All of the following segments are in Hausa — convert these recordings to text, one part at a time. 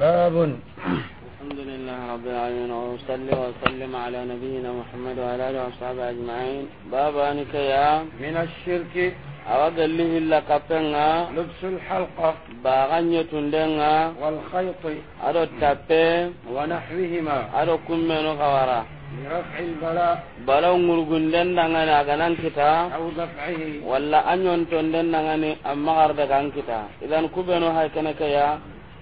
باب الحمد لله رب العالمين وصلي وسلم على نبينا محمد وعلى آله وصحبه أجمعين باب أنك يا من الشرك أود اللي إلا كبتنا لبس الحلقة باغنية لنا والخيط أدو التابين ونحوهما أدو كمين غوارا لرفع البلاء بلاو مرغن لنا غنا غنان كتا أو دفعه ولا أن ينتون لنا غني أما غرد غن كتا إذا كبينو هاي كنك يا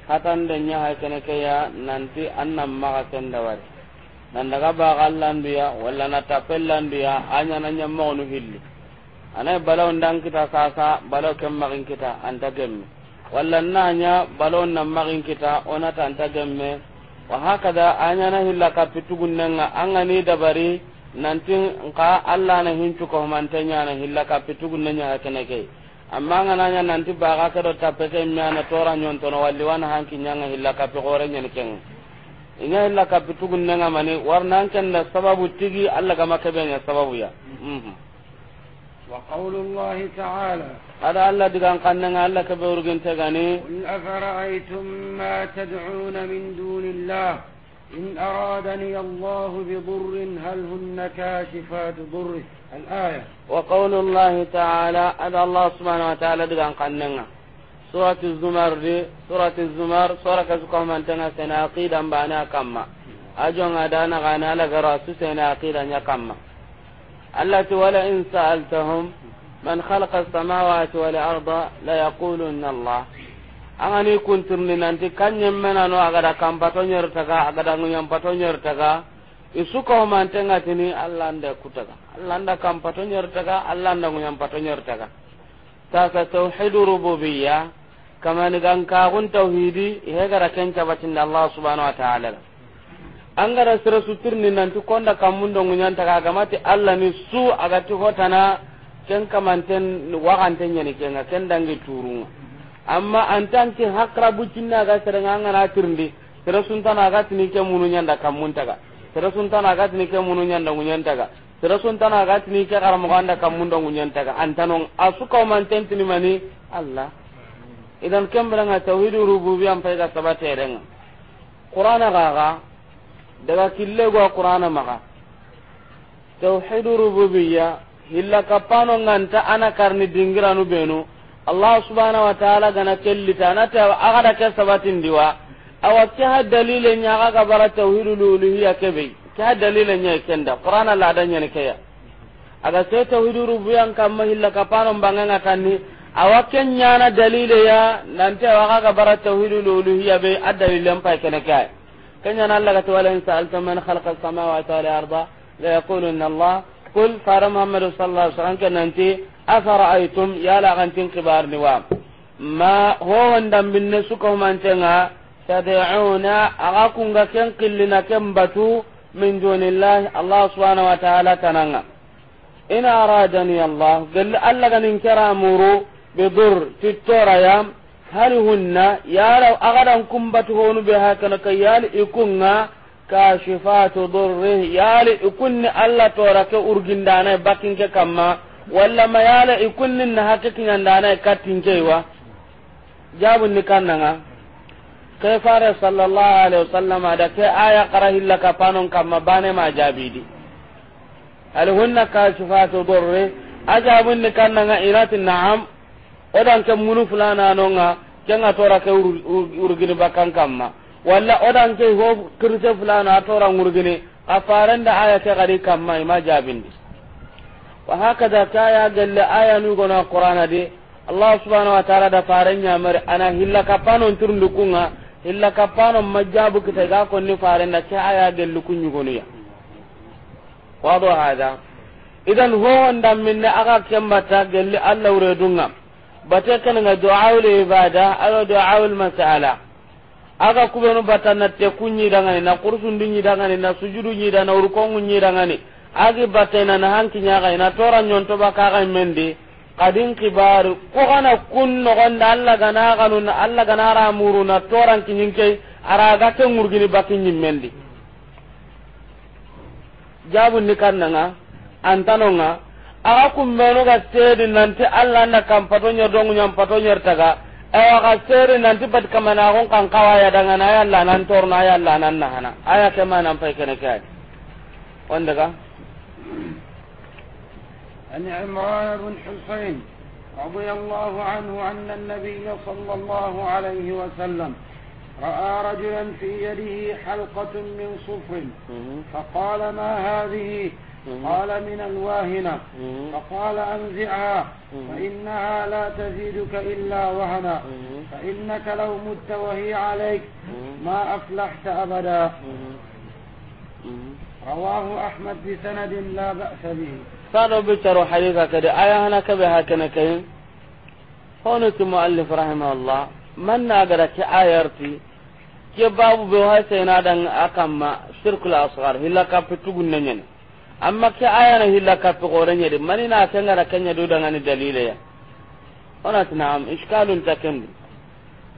hatan da nya ha kana kaya nanti annam maga kenda wari nan daga ba gallan biya wala na tapellandu biya anya nan nya mo hilli anay balaw ndang kita sasa balaw kem magin kita anta gemme walla nanya balaw nan magin kita onata anta gemme wa hakada anya na hilla pitugun nan anga ni dabari nanti nka alla na hincu ko mantanya na hilla pitugun nan nya kana kaya amma ngananya nanti baga kedo tapeke miana tora nyontono walli wana hanki nyanga hilla kapi gore nyen keng inya hilla kapi tugun nanga mani warnan ken da sababu tigi alla kama kebenya sababu ya mhm wa qawlu ta'ala ada alla digan kannanga alla be urgen tagani qul afara'aytum ma tad'un min dunillah إن أرادني الله بضر هل هن كاشفات ضره الآية وقول الله تعالى أدى الله سبحانه وتعالى دقان قننا سورة الزمر دي سورة الزمر سورة كسكهم أنتنا سناقيدا بانا كما أجون أدانا غانا لغراسو سناقيدا يكما التي ولئن سألتهم من خلق السماوات والأرض ليقولن الله angani kuntirni nanti kanyen menano agada kampato nyertaga agada nguyampato nyertaga isukahomantengatini allah anda kutaga allah anda kampato nyertaga allah anda nguyampato nyertaga sasa tauhidu rububiya kamani gankagun tauhidi ihe gara da, allah subhanahu wa taala la angara sira sutirni nanti konda kammundo nguyantaga agamati allah ni su agati hotana ken kamanten wakante nyani kenga kendangi dangi turunga amma an antanke hakra na ga serenga ngana tirndi sere suntana ga tini ke munu nyanda kammuntaga sere suntana ga tini ke munu nyanda ngunyantaga sere suntana ga tini ke karamogo an kammunda ngunyantaga antanon ka man tentini mani allah idan kembranga tawhid rububiyya am payga sabaterenga qur'ana ga daga kille go qur'ana maga tawhid rububiyya illa kapano nganta ana karni dingiranu benu allah subhanahu wa ta'ala gana kellita na ta agada ke sabatin diwa awa ke ha dalile nya aga ga bara tauhidul uluhiyya ke be ke ha dalile nya kenda qur'ana la dan ne ke aga ke tauhidul rububiyyan kan mahilla ka pano banganga tanni awa ke nya na dalile ya nante ta aga ga bara tauhidul uluhiyya be adda adalilan pa ke ne kai kenya na allah ta wala in sa'alta man khalaqa samawati wal arda la yaqulu inna allah qul fara muhammadu sallallahu alaihi wasallam ke nanti afara'aytum yala gantin kibar ni wa ma ho wandam binne suko mantenga tad'una aga kunga ken qillina ken batu min dunillahi allah subhanahu wa ta'ala tananga ina aradani allah gal alla ganin kara muru bi dur titora ya hal hunna yara aga dan kumbatu honu be hakana kayali ikunga kashifatu durri yali ikunni alla tora ke urgindana bakinke kamma walla ma yala ikunnin na hakikin da na katin kaiwa jabun ni kannanga kai fara sallallahu alaihi wasallama da kai aya qara laka panon kamma bane ma jabidi alhunna kashifatu durri ajabun ni kannanga iratin na'am odan ke munu fulana nonga kenga tora ke urgini bakan kamma wala odan ke ho kirse fulana tora urgini afaranda aya ke gari kamma ma jabindi wa hakada ka ya galle aya nu gona qur'ana de allah subhanahu wa ta'ala da farenya mare ana hilla kapano turundu kunga hilla kapano majabu kita ga konni da ka aya galle kunyu goniya wado hada idan ho ndam minne aga kembata galle allah uredunga bate kan nga du'aul ibada ayo du'aul mas'ala aka kubenu batanna te kunyi dangani na kursun dunyi dangani na sujudu nyi dana urukongu nyi dangani agi batena na hanki nyaga ina tora nyonto ba kaga mendi kadin kibaru ko kana kun no gonda alla gana ganun alla gana ra muru na toran kinyinke araga ke ngurgini bakin mendi. jabu ni antano nga aga kumbeno ga sedi nanti alla na pato kampato nyodongu nyampato nyertaga awa ga sedi nanti bat kamana gon kan kawaya dangana ya alla nan torna ya Allah nan hana aya manan pai kene kai wanda daga عن عمران بن حسين رضي الله عنه أن النبي صلى الله عليه وسلم رأى رجلا في يده حلقة من صفر فقال ما هذه قال من الواهنة فقال أنزعها فإنها لا تزيدك إلا وهنا فإنك لو مت وهي عليك ما أفلحت أبدا رواه أحمد سند لا بأس به سانو بيترو حديثا كده آية هنا كبه هكنا كين هون المؤلف رحمه الله من ناقرة كآيرتي ke babu be hay sai na dan akamma shirkul asghar hilla ka fitugun nan amma ke aya na hilla ka fi goren yade mani na kan ga kanya do dan ani dalile ya ona am iskalun takendi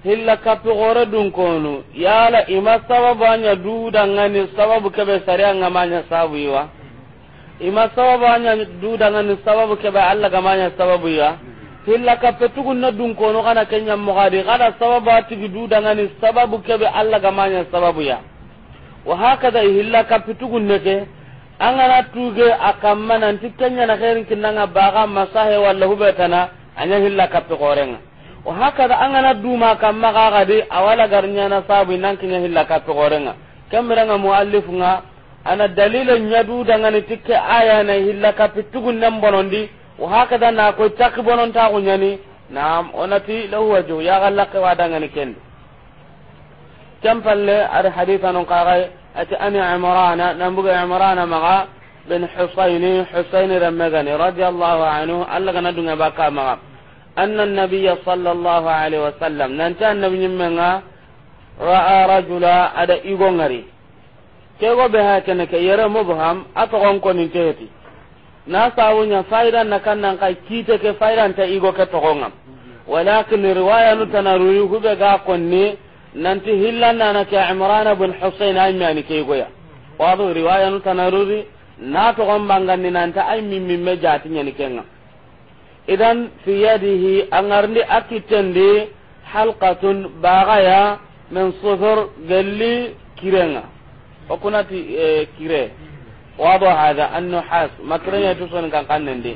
hilla kapi gore dun konu yala ima sababu anya duda ngani sababu kebe sariya ngamanya sababu iwa ima sababu anya duda ngani sababu kebe alla gamanya sababu iwa hilla kapi na dun konu kana kenya mugadi kada sababu atigi duda ngani sababu kebe alla gamanya sababu iwa wa hakada hilla kapi tugunne ke angana tuge akamana nanti kenya na khairin kinanga baga masahe walla hubetana anya hilla kapi gorenga wa hakada an gana duma kan maka gadi awala garnya na sabu nan kinya hilla ka to gorenga kamranga muallif nga ana dalila nyadu daga ni tikke aya na hilla ka pitugun nan bonondi wa hakada na ko tak bonon ta kunya ni nam onati lahu waju ya galla ka wadanga ni kende kam palle ar haditha non gay ati ani imrana nan buga imrana maga bin husaini husaini ramagani radiyallahu anhu alla kana dunga baka maga أن النبي صلى الله عليه وسلم ننتهى النبي منها رأى رجلا أدى إيغونغري كيغو بها كنك يرى مبهم أتغن كون انتهتي ناسا ونيا فايدا نكان نقاي كيتك فايدا انت إيغو كتغنغم ولكن رواية نتنا هو بغا قني ننتي هلا نك عمران بن حسين أمي أني كيغويا واضو رواية نتنا نتنروي ناتغن بانغاني نانتا أي ممي مجاتي يعني كنغم idan fi yadihi angarni akitendi halqatun bagaya min sufur galli kirenga okunati e, kire wado hada annu has makrenya hmm. to son kan kannende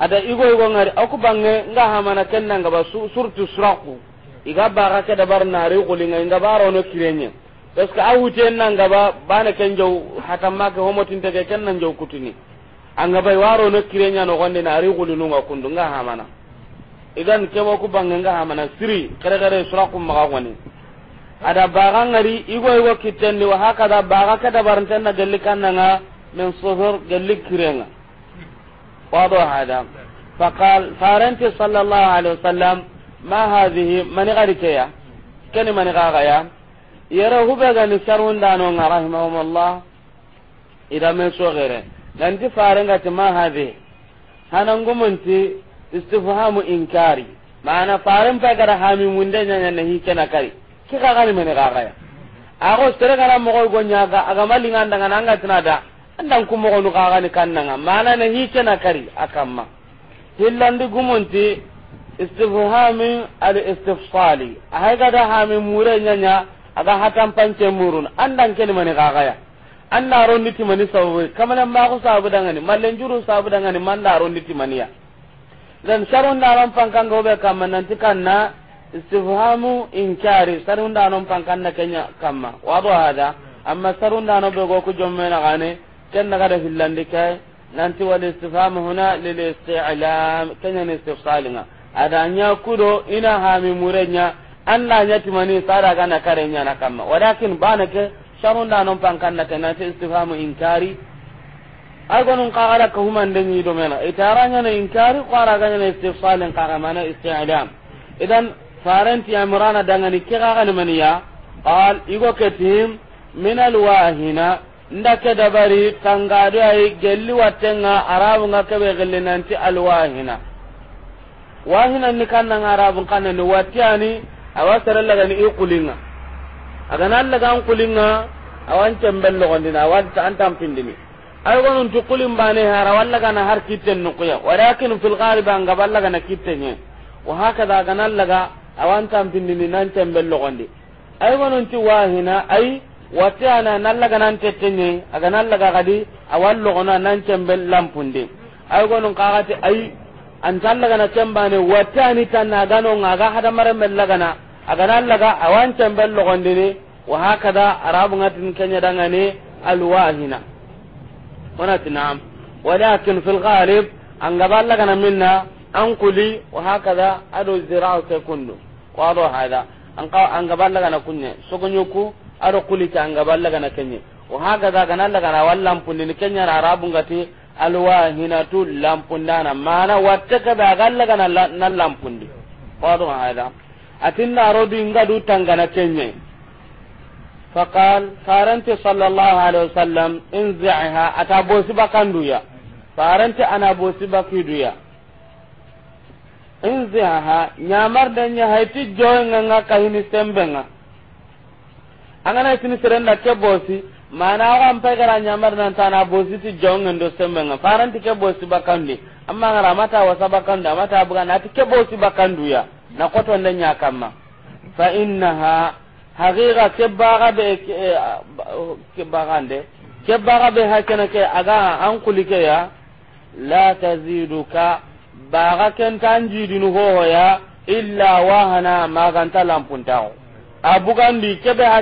ada igo igo ngari aku bange nga hamana kenna basu surtu suraku iga baga ke da bar nari kulinga inga baro no kirenya eska awu tenna nan ba bana kenjo hatamma ke homotin tege kenna njo kutini anga bay waro no kirenya no gonde na ari gulunu ga kundu nga hamana idan kebo ku bangga nga hamana siri kare kare sura kum maga woni ada baga ngari igo igo ni wa haka da baga kada gallikan na nga min suhur gallik kirenga wado hada faqal faranti sallallahu alaihi wasallam ma hadhihi man ya kani man gaga ya yara hubega ni sarunda no rahimahumullah ida men so gere nanti farengati ma hade gumunti istifhamu inkari mana faran pa gara hami munde nyanya na hikena kari ki ka gani mene ka kaya ako sere kana mogo gonya ga aga malinga ndanga nanga tinada andan ku go nuka gani ni kannanga mana na hikena kari akamma hillandi gumunti istifhamu al istifsali ahai da hami mure nyanya aga hatan pance murun andan kene mene ka gaya an na ron anda rondi timani sababu kamalan ma ko sababu dangani mallen juru da ngani man na ron niti mani ya dan sharon da ran pankan go be kam nan na istifhamu inkari sharon da ran pankan na kenya kamma wado hada amma sharon da ran be go ku jomme na gane ken na da hillande kai nan ti wal istifhamu huna lil isti'lam kenya ni istifsalina adanya kudo ina hami murenya an na nya timani sara gana karenya na kamma walakin ke sharon da non pan kan da kana sai istifhamu inkari ay gonun qara ka human den ni do mena itaranya na inkari qara ga na istifsalan qara mana isti'lam idan faranti amrana dangani kira ga maniya qal igo ketim min nda ke dabari tangado ay gelli watenga arabu nga kebe gelli nanti al wahina ni kanna arabu kanna ni watiani awasara laga ni iqulinga aga nan laga an kulinga awan tembel lo gondina awan an tampindini ay gonun tu kulim bane hara walla kana har kitten nuqya walakin fil ghalib an gaballa kana kittenye wa hakada ga nan laga awan tampindini nan tembel lo gondi ay gonun tu wahina ay wati ana nan laga nan tettenye aga nan laga gadi awan lo gona nan tembel lampunde ay gonun kagati ay an tan laga na tembane wa tan na gano ngaga hada maram laga na a allaga awancan bel logondini wa hakada arabu ngatin kenya dangane alwahina wana naam walakin fil ghalib an gaba allaga na minna an kuli wa hakada ado zira'u ke kundu wado hada an ka an gaba allaga na kunye sogonyuku ado kuli ta an gaba allaga na kenye wa hakada kana allaga na wallan pundini kenya na arabu ngati tu, lampundana mana wattaka da gallaga na lampundi wado hada atinna arodu inga du tangana kenye faqal faranti sallallahu alaihi wasallam inzi'ha atabo bosi duya faranti ana bosi bakiduya inzi'ha nyamar dan nya haiti joenga nga kahini sembenga angana sini serenda ke bosi mana ko am pegara nyamar nan tana bosi ti jongen ndo sembenga faranti ke bosi bakandi amma ngara mata wasa bakanda mata bukan ati ke bosi ya na kotonde nya kama. fa innaha haqiqa kebbaga be kebbagande kebbaga be hakene ke aga an kulike ya la taziduka baga kenta anjidinu hohoya illa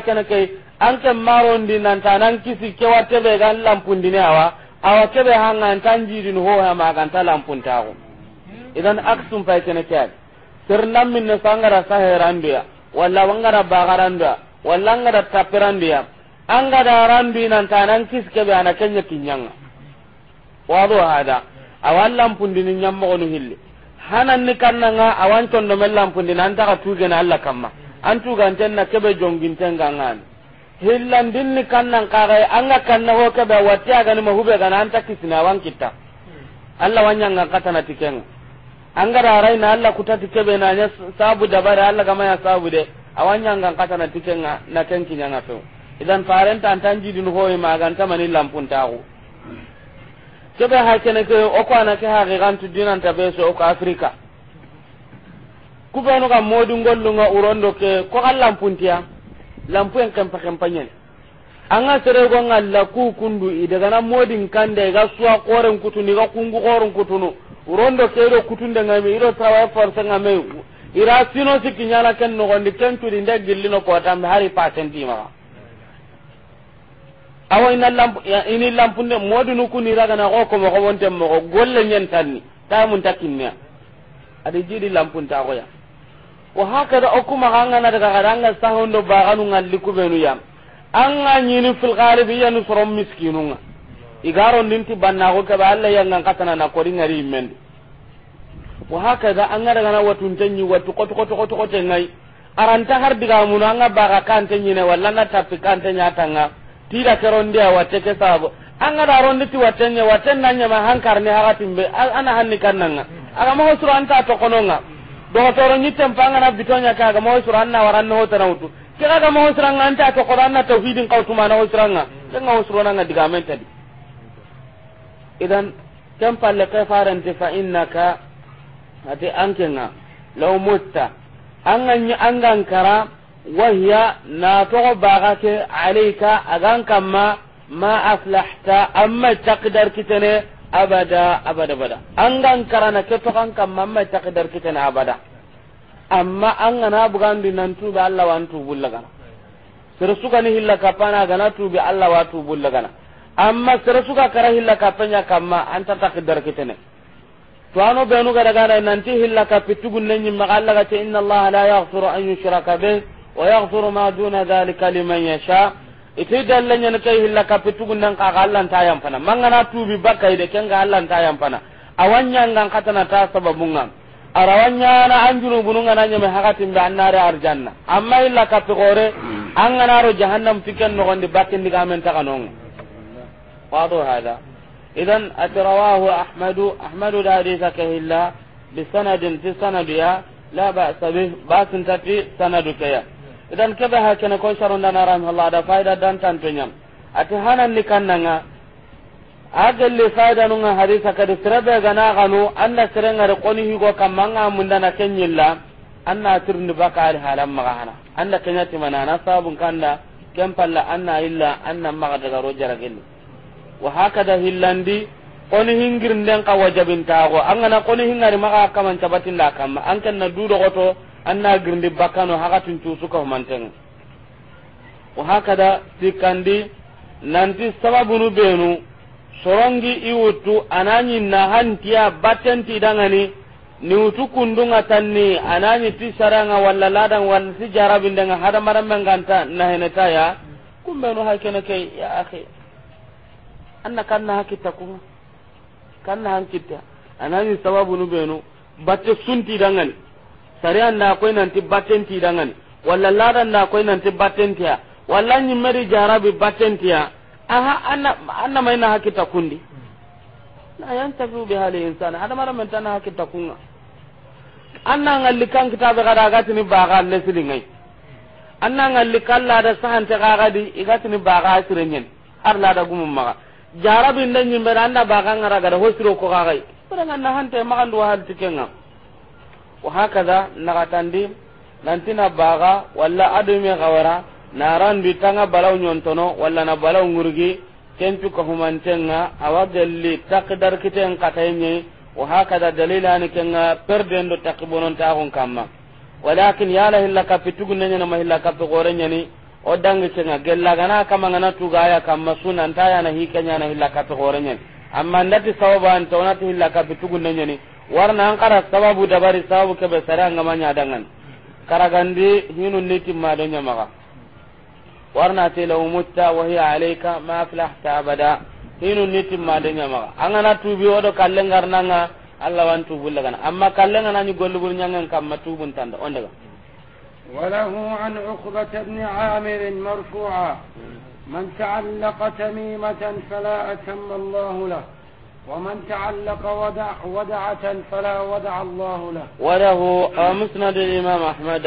ke nan kisi gan awa idan aksum ke sernan min ne sangara saheranduya walla wangara bagaranduya walla angara bi nan randu inanta anan kiskebe ana kenya kinyanga wado hada awan lampundini ñammogonu hilli kanna nga awan condomen lampundini antaka tugene alla kamma an tugantenna keɓe jongintengangani hillandinni kannan kaxaye anga kanna ho keɓe watti ga nan gana anta kisini awan kitta allah wa ñangan na tikeng angara rai na Allah kuta tike be na sabu dabare Allah kama ya sabu de awanya ngan kata na tike nga na kenki nya ngaso idan faren tan tan jidin hoye magan ta mani lampun tawo kebe ha kene ke o ko ana ke ha ga gantu dinan ta be so ko afrika ku be no ga modu gollu nga urondo ke ko kan lampun tiya lampun kan pa kampanye ga sere nga ngalla ku kundu na modin kande ga suwa koren ni ga kungu koren kutunu urondo kero kutunde mi iro tawa forsa ngame ira sino sikinyana ken no gondi ken tudi nda gillino ko tambe hari patenti ma awa ina lamp ini ne modinu kuni raga na ko mo ko wonte mo ko golle nyen tanni ta mun ne adi jidi lampu ta ko ya wa hakada okuma hanga na daga haranga sahondo baganu ngalli benu yam an ga fil ghalibi ya yani soron miskinunga igaro ninti bannago balla ya yangan katana na ko ngari men wa hakaza an ga na watunte tanyi watu koto koto koto kote ngai aranta har digamuno an ga kan kante ne walla na tanya kante tira tida dia watte ke sabo an ga nya wattenñe ne nanñema hankarni hakatimbe ana hanni kannanga agama hosuro anta tokononga dogotoro ñitten pa angana bitoñake agama hosuro an na waranne hotanawutu kira ga mo siranga anta ko qur'an na tauhidin utuma na siranga ah. tenga usrona nga diga men tadi idan kam palle ka farante fa innaka ati ankena ah. law mutta an angan kara wahiya na togo baga ke alayka agan kamma ma aflahta amma taqdar kitane abada abada abada an kara na ke to kan kamma ma taqdar kitane abada amma an gana di nan tubi Allah wa tubulla gana sir suka ni hilla kapana gana tubi Allah wa tubulla gana amma sir suka kara hilla kapanya kamma an ta takdir kitene to be anu ga daga nan ti hilla gun nan yin magalla ga inna Allah la yaghfiru an yushraka bi wa yaghfiru ma duna dhalika liman yasha ite dallanya ne kai hilla gun nan ka Allah ta yampana mangana tubi bakai de kenga Allah ta fana awanya ngan katana ta sababungan arawanyana anjuru bununga na nyame hakatin be annare arjanna amma illa kategore hmm. an gana ro jahannam tiken no gonde bakin diga men ta kanon wado hada idan atrawahu ahmadu ahmadu da hadisa kahilla bi sanadin fi sanadiya la ba'sa bi basin tati sanadu kaya idan kaba hakana ko sharon dana rahmallahu da faida dan tantonya ati hanan ni agelli fadanunga kada kadi ga gana gano anna sirengari koni higo kamma mun dana kenyilla anna tirni baka al halan magana hana anna kenyati manana sabun kanda ken palla anna illa anna maga daga ro jaragelli wa hakada hillandi koni hingirnden ka wajabintago angana koni hingari maga kaman cabatinda an anken na dudo goto anna girndi bakkano tu suka manten wa hakada tikandi nanti nu benu sorongi iwutu nahan tiya hantiya batenti dangani ni utu kundunga tanni anani ti saranga walla ladan walla ti jarabindanga hadamaranmen kumbe no kumbenu na kei ya akhi anna kanna hakita kuma kanna kitta anani sababu nu benu batte sunti dangani sariya na koy nanti ti dangani walla ladan na koy nanti battentiya walla nyimmeri jarabi tiya. aha anna anna mai na ta kundi yan yantafi bi hali insani hada mara na haki ta kunga anna ngalli kan kitabe kada gati ba baga lesli ngai anna ngalli kalla da sahan ta gaga di igati ni baga sirenyen har la da gumum maga jarabi ndan na anda baga ngara gada siro ko yi bara ngan na hante magan do hal tikenga wa hakaza na ba baga walla adu me gawara narandu tanga balaw nyontono wala na balaw ngurgi kempi ko humantenga awa gelli takdar kiten katayni wa hakada an kenga perdendo takibonon tagon kamma walakin lahi laka fitugun tugunenya na mahilla to gorenya ni o dangi kenga gella gana kama ngana gaya kamma sunan taya na hikenya na hilla kapi gorenya amma ndati sawaban tawnati hilla fitugun tugunenya ni warna an qara sababu dabari sababu kebe besara ngamanya dangan karagandi hinun niti madonya maka warnati law mutta wa hiya alayka ma aflahta abada hinu nitim ma de nyama angana tubi odo kallen garnanga Allah wan tubu lagana amma kallen anani gollugul nyangen kamma tubun tanda ondaga وله عن عقبة بن عامر مرفوعا من تعلق تميمة فلا أتم الله له ومن تعلق ودع ودعة فلا ودع الله له وله مسند الإمام أحمد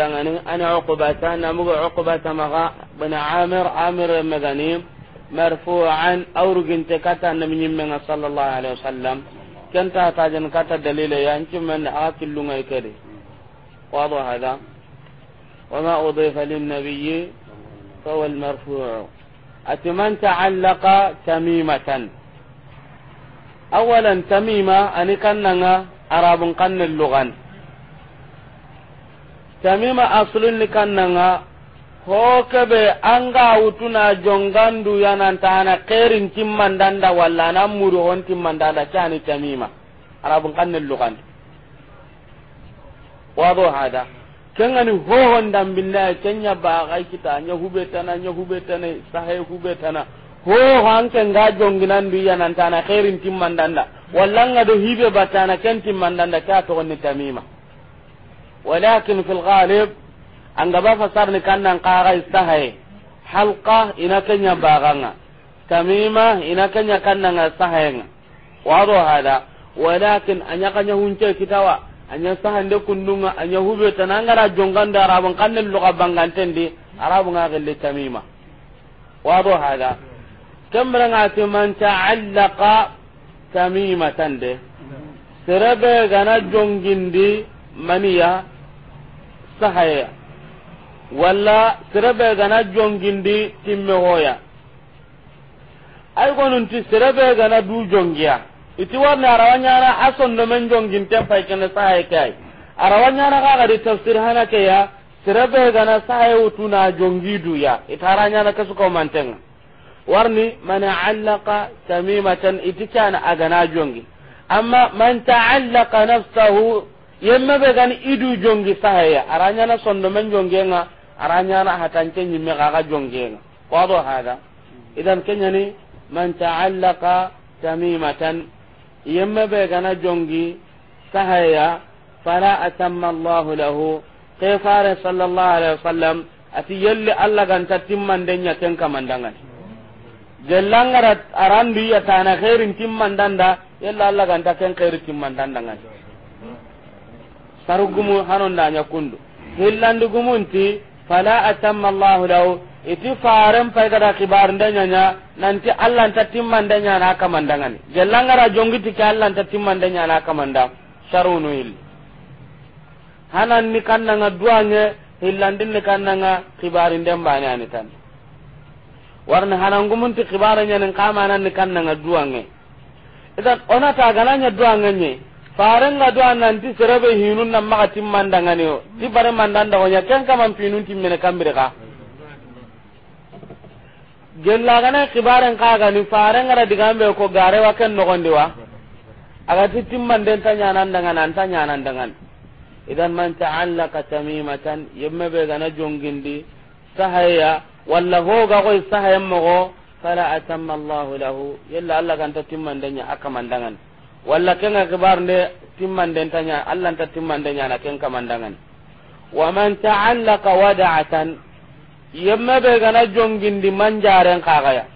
أن عقبة أنا عقبة مغا بن عامر عامر مغنيم مرفوعا أو رجنت كتا من يمنا صلى الله عليه وسلم كنت أتاجن كتا دليل يعني من أكل كري واضح هذا وما أضيف للنبي فهو المرفوع أتمن تعلق تميمة awalan tamima ani kannanga arabun kannel lugan tamima aslun ni kannanga ho kebe anga wutuna jongandu yanantana kerin timmandanda walla nan muri hon timmandanda cani tamima arabun kannel lugan wado hada kengani hohon dambinna kenya baga kita nya hubetana nya hubetana sahe hubetana ho hanke nga jonginan du ya nan tana khairin timmandanda wallanga do hibe batana ken danda ka to ni tamima walakin fil ghalib an gaba fasar ni kannan qara istahai halqa ina kanya baganga tamima ina kenya kannan wa wado hada walakin anya kanya hunce kitawa anya sahande kundunga anya hube tanangara jonganda arabun kannan lugabangantendi arabun ga gelle tamima wado hada kembrengati man taallaqa tamimatan de sirabe gana jongindi maniya sahaya wala sirabe gana jongindi timme hoya ay ti sirabe gana du jongiya iti warni ason do men jonginten pay kene sahaya kay ga kagadi tafsir hana ya sirabe gana sahaya wutuna jongiduya itaharanyana kasukomantenga warni man allaqa tamimatan itikana agana jongi amma man ta'allaqa nafsahu yemma be gan idu jongi sahaya aranya na sondo men jongi nga aranya na hatanke nyimme jongi nga wado hada idan kenyani man ta'allaqa tamimatan yemma be gana jongi sahaya fala atamma allah lahu kayfara sallallahu alaihi wasallam ati yalli alla ganta timmande denya ken kamandangani gellangara arandu ya tana khairin timmandanda yalla Allah ganta ken khairi timmandanda ngan sarugumu hanon da nyakundu hillandu gumunti fala atamma Allah lahu iti faran fayga da kibar ndanya nya nanti Allah ta timmandanya na kamandangani gellangara jongiti ka Allah ta timmandanya na kamanda sharunu il hanan ni kannanga duanye hillandin ni kannanga kibarin dembani anitan warni hanangumunti kibara ñanin kamananni kannanga duwange idan onata gananya duwange ñe farenga duwa nanti serebe hinun nan maga timmandangani o ti bare mandandagoña ken kaman pinun timmene kambire ka gellagana kibaren kagani farengara digambe ko gare wa ken nogondi wa agati timmanden ta ñanandangani anta dangan idan man taallaka tamimatan yamma ɓe gana jongindi sahaya walla hoga koy sahayen mogo fala atamma allah lahu yalla allah ganta aka mandangan walla kenga kibar den tanya allah tatimman timmandenya na ken mandangan wa man ta'allaqa wada'atan yamma be gana jongindi manjaren kagaya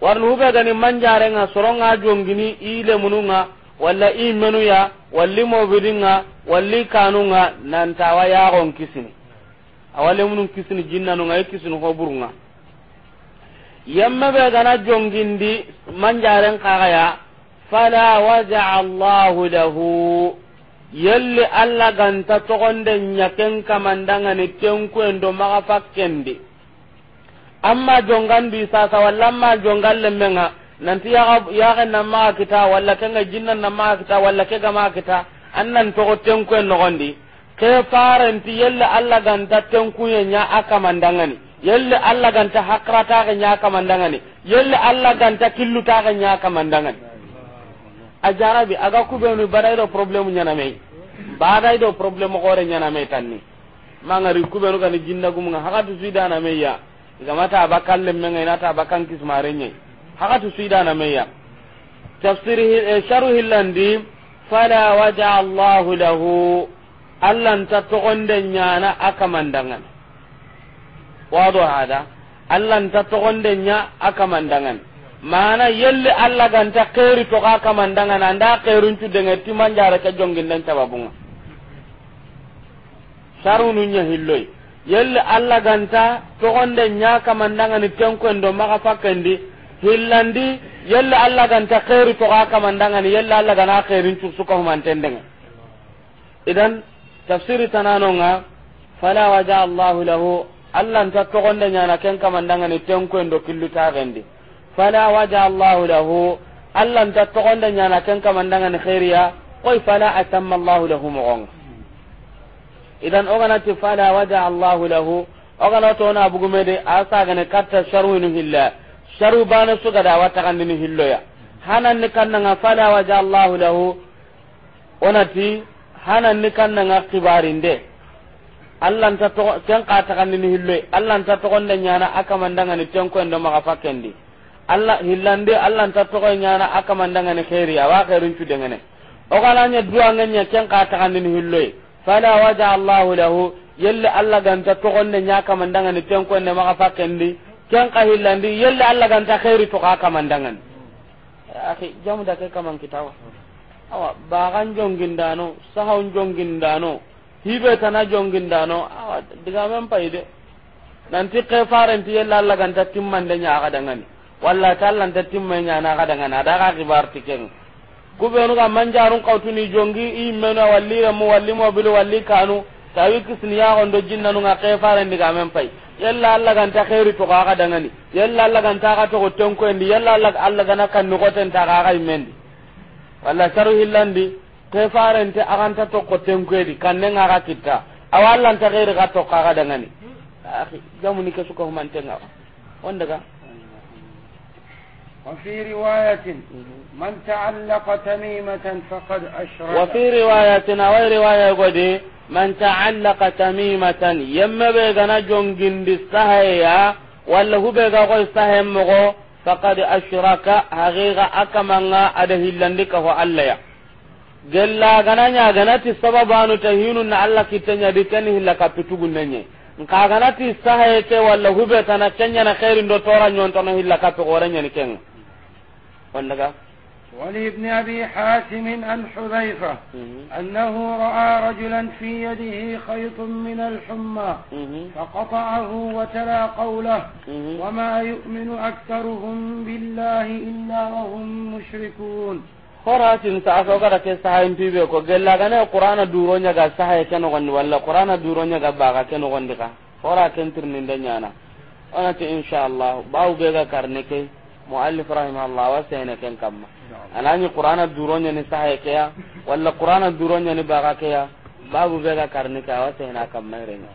warni hube gani a soronga jongini ile mununga walla i ya walli mobidinga walli kanunga tawaya gon kisini awale munun kisini jinna no ngai kisini hoburunga yamma be gana jongindi manjaren kagaya fala waja allah lahu yalli alla ganta togonde nyaken kamandanga ne tenkuen endo maga fakkende amma jongandu sa walla amma jongal menga nanti yaxe ma kita walla kenga jinna ma kita walla kega ma kita annan togo tenkuen gondi. ke parenti yelle allah ganta tenkuye ña a kamandangani yelle allah ganta hakrataxe ña kamandangani yelle allah ganta killutaxe ña kamandangani a jarabi aga kubenu baday do probléme ñanamei baday do probléme xoore ñanamei tanni magari kubenu gani jinnagumga haxatu suidanameya gamata aba kallen menga inata aba kan kismarenñei haxatu suidanameya tafsir eh, sharu hillandi fala waja allahu lahu allah nta togonde nyana akamandangan wado hada allah nta togonde nya akamandangan mana yelli allah ganta keri to akamandangan anda keruncu dengan timanjara ke jonginden cababunga sarununya hilloi yelli allah ganta togonde nya kamandangani tenkoendo maga fakkendi hillandi yelli allah ganta keri to akamandangani yelli allah gana kerin cursukahumantendenga idan tafsiri tananonga fala waja allah lahu allah nta togonde nyana ken kamandangani tenkoen do killu tagendi fala waja allah lahu allah nta togonde nyana ken kamandangani khairiya koy fala atamma allah lahu mogonga idan ti fala waja allah lahu ogana tona asa gane katta sharuinu hilla sharu bana wata sugada ni hilloya hanan hananni kannanga fala waja allah lahu onati hanan ni kan kanna nga kibarinde allah ta to ken ka ta kan ni hille allah ta to gonda nyana aka mandanga ni tenko ma fa kendi allah hillande allah ta to nyana aka mandanga ni khairi awa khairin cu dengene o kala nya duwa ngenya ken ka ta kan ni hille fala waja allah lahu yalla allah gan ta to gonda nya ka mandanga ni tenko ma fa kendi ken ka hillande yalla allah gan ta khairi to ka ka mandanga akhi jamu da kai kaman kitawa awa bagan jongindano sahaun jongindano hibe tana jongindano awa diga men payde nanti kefarenti yella Allah ganta timmande nya aga dangani walla tallan ta timme nya na aga dangani ada ga kibar tikeng kubenu ga manjarun kautuni jongi imenu walli remu walli mobil walli kanu tawi kisini ya jinna jinnanu ga kefarenti ga men pay yalla Allah ganta khairi to ga aga dangani yalla Allah ganta ga to tonko endi yalla Allah Allah gana kan nugoten wala saru hillandi ke farente aganta tokko tenkuedi kannen aga kitta awa ta gere ga tokka aga dangani jamu ni ke suka nga on daga وفي رواية من تعلق تميمة فقد أشرك وفي رواية أو رواية قدي من تعلق تميمة يم بيغنا جونجين بستهيا ولا هو بيغا قوي استهيا مغو faqad ashraka haqiqa akamanga ada hillandi ka ho ya gella gananya ganati sababanu tahinu na alla kitanya dikani hilla kapitugunnye nka ganati sahaye ke walla hube na kenya na khairin do tora nyon tono hilla kape goranya ni kenga wandaga ولابن أبي حاتم عن حذيفة أنه رأى رجلا في يده خيط من الحمى فقطعه وتلا قوله وما يؤمن أكثرهم بالله إلا وهم مشركون قرأت إن سعف وقرأ كسحة إن في بيكو قال لك أنا قرآن دورونيا قسحة كانوا غني ولا قرآن دورونيا قباغة كانوا غني قرأت إن ترنين دنيانا أنا إن شاء الله باو بيغا كارنيكي مؤلف رحمه الله وسينك إن كمّا anani qur'ana duronya ni sahaye kaya wala qur'ana duronya ni baga kaya babu bega karne ka wata hina kam mere ni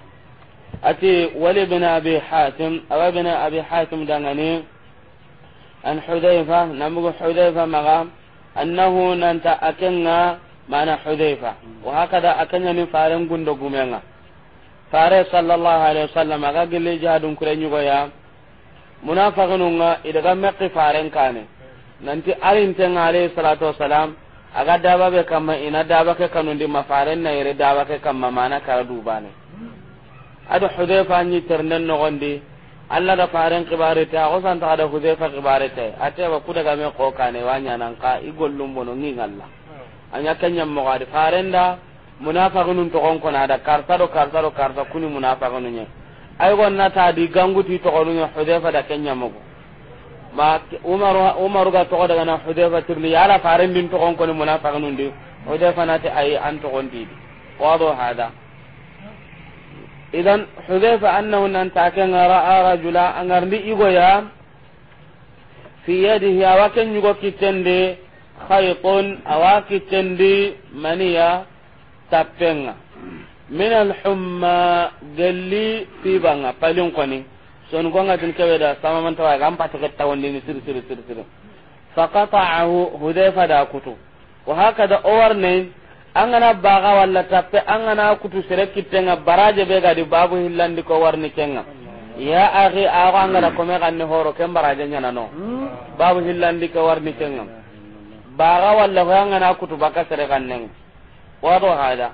ati wali bin abi hatim awa bin abi hatim dangane an hudayfa namu hudayfa maga annahu nanta akenga mana hudayfa wa hakada akanya ni faran gundo gumenga fare sallallahu alaihi wasallam aga gille jadun kurenyu goya munafiqununga idaga meqi faran kane nanti arintenga alayhi salatu wasalam aga daba be kamma ina daba ke kanundi mafaren na yere daba ke kamma mana kara dubane ado hudayfa ni ternen gondi alla da faren kibare ta ko santa ada hudayfa kibare ta ate ba kuda game ko kane wanya nan ka igollum bono ngi ngalla anya kanya mo ga faren da munafiqun to gon kona da karta do karta do karta kuni munafiqun nye ay gon na ta di ganguti to gonu hudayfa da kanya mo ma umar umar ga to daga na hudayfa tirni yala faran din to kon munafiqun ndi hudayfa na ta ay an to kon di wado hada idan hudayfa annahu nan ta kan ra'a rajula an garni igo ya fi yadihi awakan yugo kitende khaytun awakitende maniya tapenga min al humma galli tibanga palin koni son gonga tin kewe da sama man tawa gam pata ke tawon ni sir sir sir sir qata'ahu hudayfa da kutu wa hakada owar ne an gana baga walla tappe an gana kutu sere kitenga baraje be di babu hillandi ko warni kenga ya akhi awa an gana kome ni horo ken baraje nyana no babu hillandi ko warni kenga baga walla ho an gana kutu baka sere wa do hada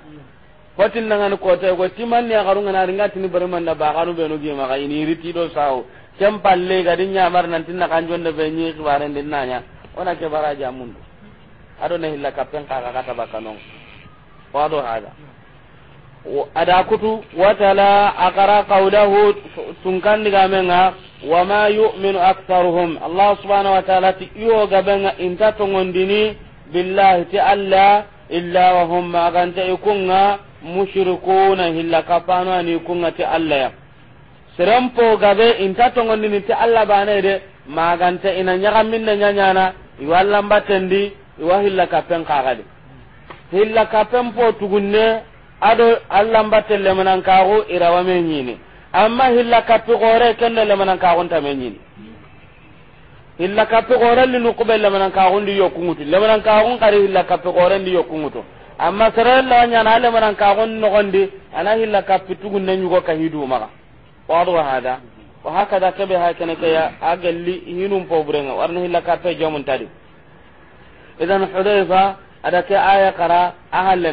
hotin na ngani kota ko timan ne garunga na ringa tini barman da ba garu be no gi ma kai ni riti do sao kem palle ga din mar nan tin na kanjon da be ni kibaren din na nya ona ke bara jamun ado ne hilla kapen ka ka ta bakanong wado hada ada kutu watala akara qaulahu sunkan diga menga wama yu'minu aktsaruhum allah subhanahu wa ta'ala ti yo gabenga inta tongondini billahi ta'ala illa wa hum ma ganta ikunga mushrikuna hilla kapano ani kunga ti Allah ya serampo gabe inta tongoni ni ti Allah bane de maganta ina nyaga minna nyanyana iwalla mbatendi iwa hilla kapen kagade hilla kapen po tugunne ado Allah le manan kago irawa menyini nyine amma hilla kapi gore kenne le manan kago ta nyine hilla kapi gore li nukube le manan kago ndi yokungutu le manan kago ngari hilla kapi gore ndi yokungutu amma serella nyana ale manan ka gon no gondi ana hilla kapitugu nan yugo ka hidu maga wadu hada wa hakada kebe hakene kaya agalli hinum pobrenga warna hilla kape jamun tadi idan hudayfa ada ke aya kara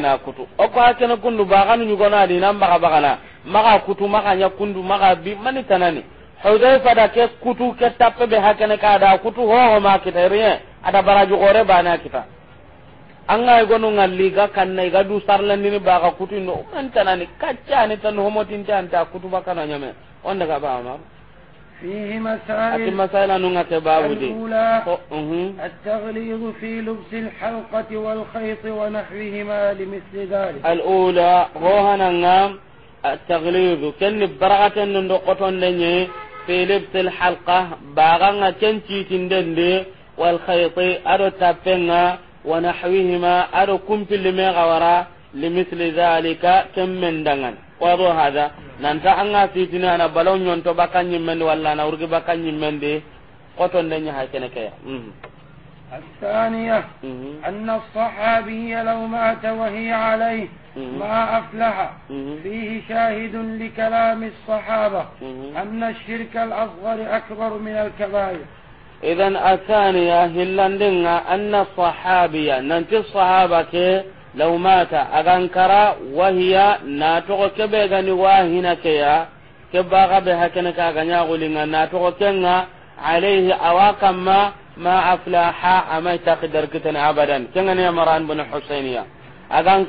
na kutu o ko hakene kundu baganu yugo na di nan baga na maga kutu maga nya kundu maga bi mani tanani hudayfa da ke kutu ke tappe be hakene ka da kutu ho ho ma kitariye eh. ada baraju gore bana kita anga gonu ngalli ga kanna ga du sarlan ni ba ga kutu no kan tanani kacca ni tan homo tin tan ta kutu ba kana nyame on daga ba ma fihi masail ati masaila nu ngate babu de ko uhu mhm. at-taghlid fi lubs al-halqah wal khayt wa nahwihima li misli dhalik al-ula rohana ngam at-taghlid kan baragatan ndo qoton lenye fi lubs al-halqah baga ngaken ci tindende wal khayt ado tapenga ونحوهما أركم في لما غورا لمثل ذلك كم من دنان وضو هذا ننتا أنغا سيتنا أنا بلو نيونتو بكا نيمن ولا نورغي بكا نيمن دي قطن دنيا هكذا كيا الثانية أن الصحابي لو مات وهي عليه ما أفلح فيه شاهد لكلام الصحابة أن الشرك الأصغر أكبر من الكبائر idan athaniya hillandinga anna sahabiya nanti sahaba ke law mata kara wahiya na togo kebe gani wahina keya ke baga be hakene ka ganya gulinga na togo kenga alayhi awakamma ma aflaha amai taqdar kitan abadan kenga ne maran bin husainiya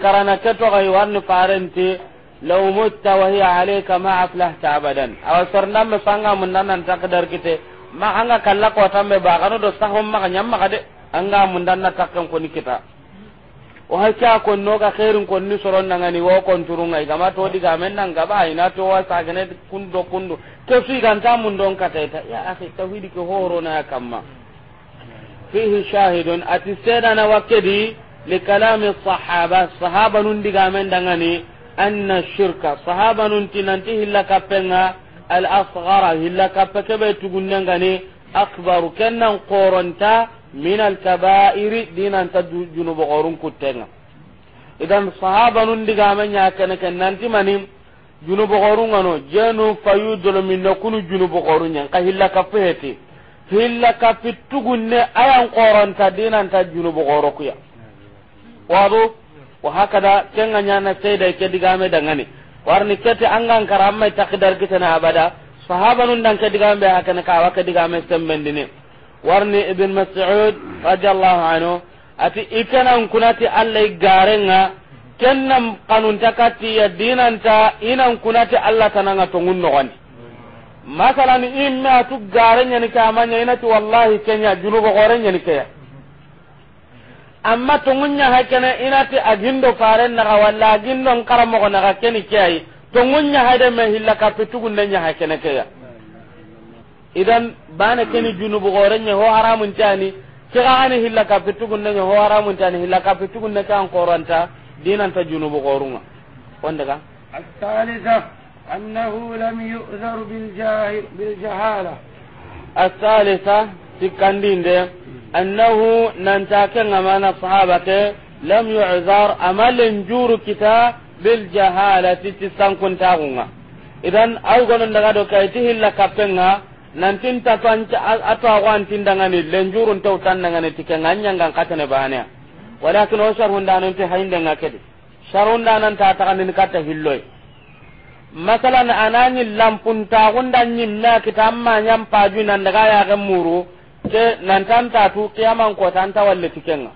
kara na ke togo warni parenti law mutta wahiya alayka ma aflahta abadan awasarna me sanga mun nan taqdar kitan ma anga kala ko tambe ba kanu do sahom ma nyam ma kade anga mun danna takkan ko nikita o hakka ko noga khairun ko ni soron nanga ni wo kon turunga ga ma to diga men nan ga ba ina to wa sa gane kundo kundo to fi kan ta mun don kata ita ya akhi tawhid ke horo na kamma fihi shahidun ati sada na wakedi li kalami sahaba sahaba nun diga men danga ni anna shirka sahaba nun tinanti hilla kapenga penga al asghara hilla kappa kebe tugunnengani akbaru kennan koronta min al kaba'iri dinanta junubo gorun kuttenga idan sahaba nun diga manya kana kan nanti manim junubo gorun ngano jenu fayudul minna kunu junubo gorun nyang ka hilla kappa hete hilla kappa tugunne ayan ta dinanta junubo gorokuya wado wa hakada na nyana sayda ke diga me dangane warni kete angan karamma kita na abada sahaba nun dan ka hakana kawa me sembendine warni ibn mas'ud radhiyallahu anhu ati ikanan kunati allah garenga kennam kanun takati ya ta inan kunati allah tananga tongun nogani masalan imma tu garenya ni kamanya inati wallahi kenya junubo gorenya ni kaya amma tongunya hakene inati agindo faren na walla agindo ngkara ko na keni kiai tungunya hade me hilla ka pitugunne nya hakene kaya idan bana keni junubu gorenya ho haramun tani kiraani hilla ka pitugunne nya ho haramun tani hilla ka pitugunne an koranta dinan ta junubu gorunga wanda annahu lam yu'zar bil jahil bil jahala تكندين tikandinde annahu nanta ke ngamana sahaba ke lam yu'zar amalen juru kita bil jahalati tisankun tagunga idan aw gonon daga do kay ti hilla kapenga nantin ta tanca atwa wantin daga ni lenjurun taw tan daga ni tikanga nyangan katane bana walakin o sharhun danan ti hainde ngakedi sharhun danan ta ta kanin kata hilloy masalan anani lampun ta gunda nyimna kita amma nyam paju nan daga ya gamuru ke ta tu kiyaman ko tan ta walle tikenga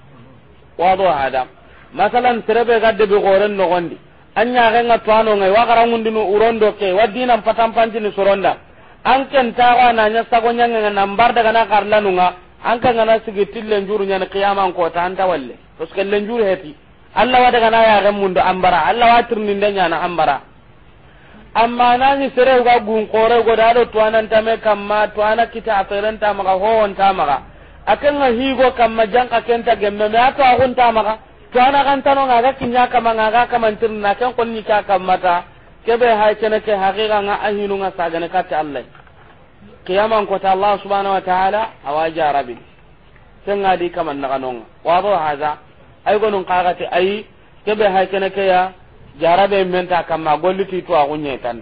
wado hada masalan serebe gadde bi goren no gondi anya ga nga tuano ngai wa garan mundi no urondo ke waddi nan patan panji ni soronda an ken wa na nya sago nya nga nan bar daga na karla nunga an kan na sigitil len juru nya kiyaman ko tan ta walle to sken len juru heti Allah wa daga na ya ga mundo ambara Allah wa turni ndenya na ambara amma nani sere ga gun kore go dado tuanan tame kamma tuana kita aseren tamaga hoon tamaga akenga higo kamma ka kenta gemme me ato agun tamaga tuana kan tano ngaga kinya kama ngaga kama na kan konni ka kamata kebe hay na ke hakika nga ahinu nga sagane kati allah qiyaman ko ta allah subhanahu wa ta'ala awaja rabbi kenga di kama naga nonga wado haza ay gonun qagati ay kebe hay na ke ya be menta kamma golli ti to agunye tan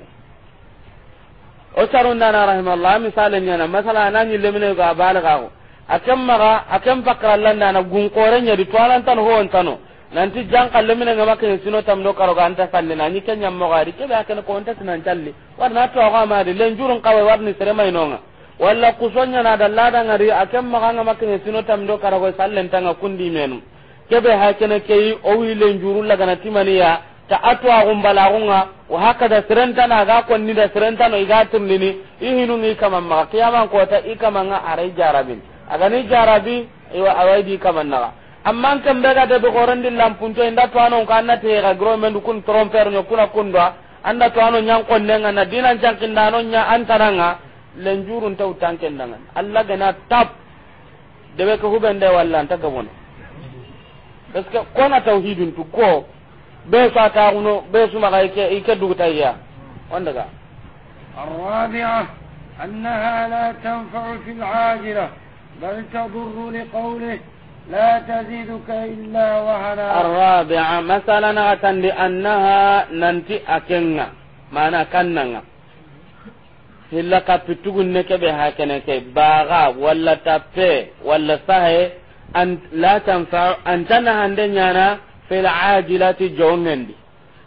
o sarun dana rahimallahu misalan nyana masala anani lemine ga balaga ko akam maga akam bakra landa na gun kore nyadi to tan ho on tano nanti janka lemine ga makke sino tam do karo ganta anta falle na ni kenya mo ga ri ke ba kan ko onta tinan challi warna to ga ma de len jurun kawe warni sere mai nonga walla kusonya na dallada ngari akam maga ga makke sino tam do karo go sallen tanga kundi menu kebe ha kene kee o wi len jurun laga na timaniya ta atwa gumbala gunga wa da sirenta na ga konni da sirenta no iga ni ihinu ni kama ma kiyama ko ta ikama nga arai jarabin aga ni jarabi iwa awaidi kama na amma kan daga da dogoran din lampun to inda to anon kan na te ga gromen kun tromper no kuna kunda anda to anon nyang konne nga na dinan jangkin nanon nya nga lenjurun taw tanken dangan allah gana tap debe ko hubende walla anta gabon parce que kona tauhidun tu ko be sa ta kuno be su maka ike ike duguta iya wanda ga الرابعة أنها لا تنفع في العاجلة بل تضر لقوله لا تزيدك إلا وهنا الرابعة مثلا أتن لأنها ننتي أكنا معنى كننا hilla kappi tugunne keɓe ha kene ke baga walla tappe walla sahe la tanfa antana hande ñana fil ajilati jongendi